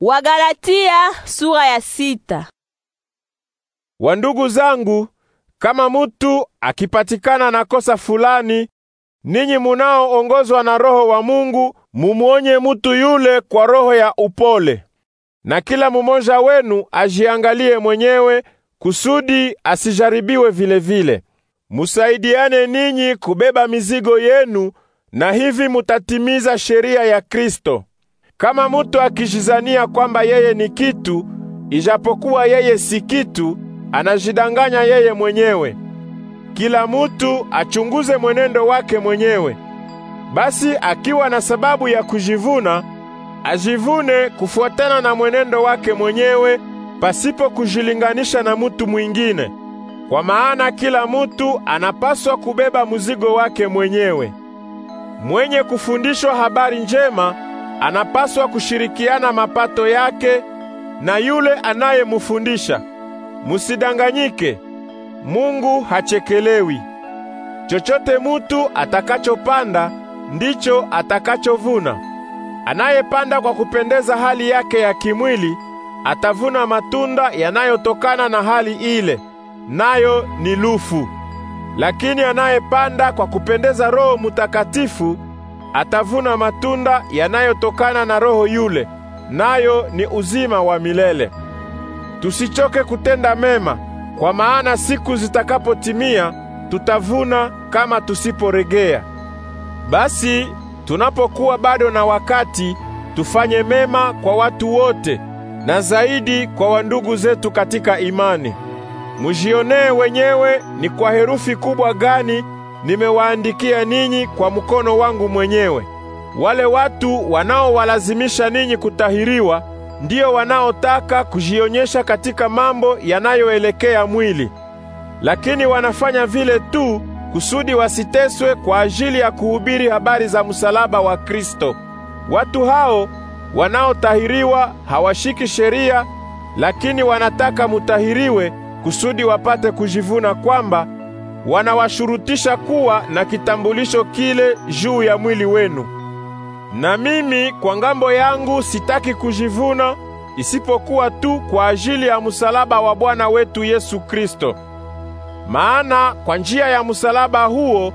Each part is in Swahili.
Wagalatia sura ya sita. Wandugu zangu, kama mutu akipatikana na kosa fulani, ninyi munaoongozwa na Roho wa Mungu, mumuonye mutu yule kwa roho ya upole, na kila mumoja wenu ajiangalie mwenyewe kusudi asijaribiwe vilevile vile. Musaidiane ninyi kubeba mizigo yenu, na hivi mutatimiza sheria ya Kristo. Kama mutu akijizania kwamba yeye ni kitu, ijapokuwa yeye si kitu, anajidanganya yeye mwenyewe. Kila mutu achunguze mwenendo wake mwenyewe. Basi akiwa na sababu ya kujivuna, ajivune kufuatana na mwenendo wake mwenyewe pasipo kujilinganisha na mutu mwingine. Kwa maana kila mutu anapaswa kubeba mzigo wake mwenyewe. Mwenye kufundishwa habari njema anapaswa kushirikiana mapato yake na yule anayemufundisha. Musidanganyike, Mungu hachekelewi. Chochote mutu atakachopanda ndicho atakachovuna. Anayepanda kwa kupendeza hali yake ya kimwili atavuna matunda yanayotokana na hali ile, nayo ni lufu. Lakini anayepanda kwa kupendeza Roho Mutakatifu atavuna matunda yanayotokana na roho yule, nayo ni uzima wa milele. Tusichoke kutenda mema, kwa maana siku zitakapotimia tutavuna kama tusiporegea. Basi tunapokuwa bado na wakati, tufanye mema kwa watu wote na zaidi kwa wandugu zetu katika imani. Mujionee wenyewe ni kwa herufi kubwa gani nimewaandikia ninyi kwa mkono wangu mwenyewe. Wale watu wanaowalazimisha ninyi kutahiriwa ndio wanaotaka kujionyesha katika mambo yanayoelekea mwili, lakini wanafanya vile tu kusudi wasiteswe kwa ajili ya kuhubiri habari za msalaba wa Kristo. Watu hao wanaotahiriwa hawashiki sheria, lakini wanataka mutahiriwe kusudi wapate kujivuna kwamba wanawashurutisha kuwa na kitambulisho kile juu ya mwili wenu. Na mimi kwa ngambo yangu sitaki kujivuna isipokuwa tu kwa ajili ya msalaba wa Bwana wetu Yesu Kristo. Maana kwa njia ya msalaba huo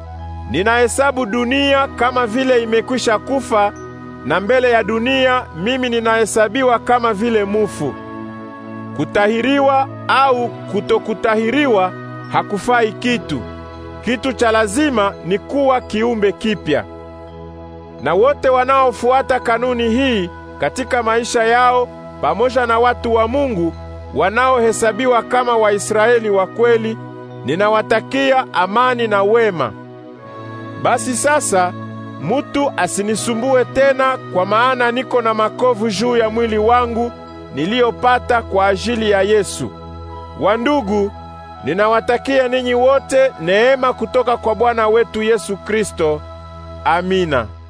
ninahesabu dunia kama vile imekwisha kufa na mbele ya dunia mimi ninahesabiwa kama vile mufu. Kutahiriwa au kutokutahiriwa hakufai kitu. Kitu cha lazima ni kuwa kiumbe kipya. Na wote wanaofuata kanuni hii katika maisha yao pamoja na watu wa Mungu wanaohesabiwa kama Waisraeli wa kweli, ninawatakia amani na wema. Basi sasa mutu asinisumbue tena, kwa maana niko na makovu juu ya mwili wangu niliyopata kwa ajili ya Yesu. Wandugu, Ninawatakia ninyi wote neema kutoka kwa Bwana wetu Yesu Kristo. Amina.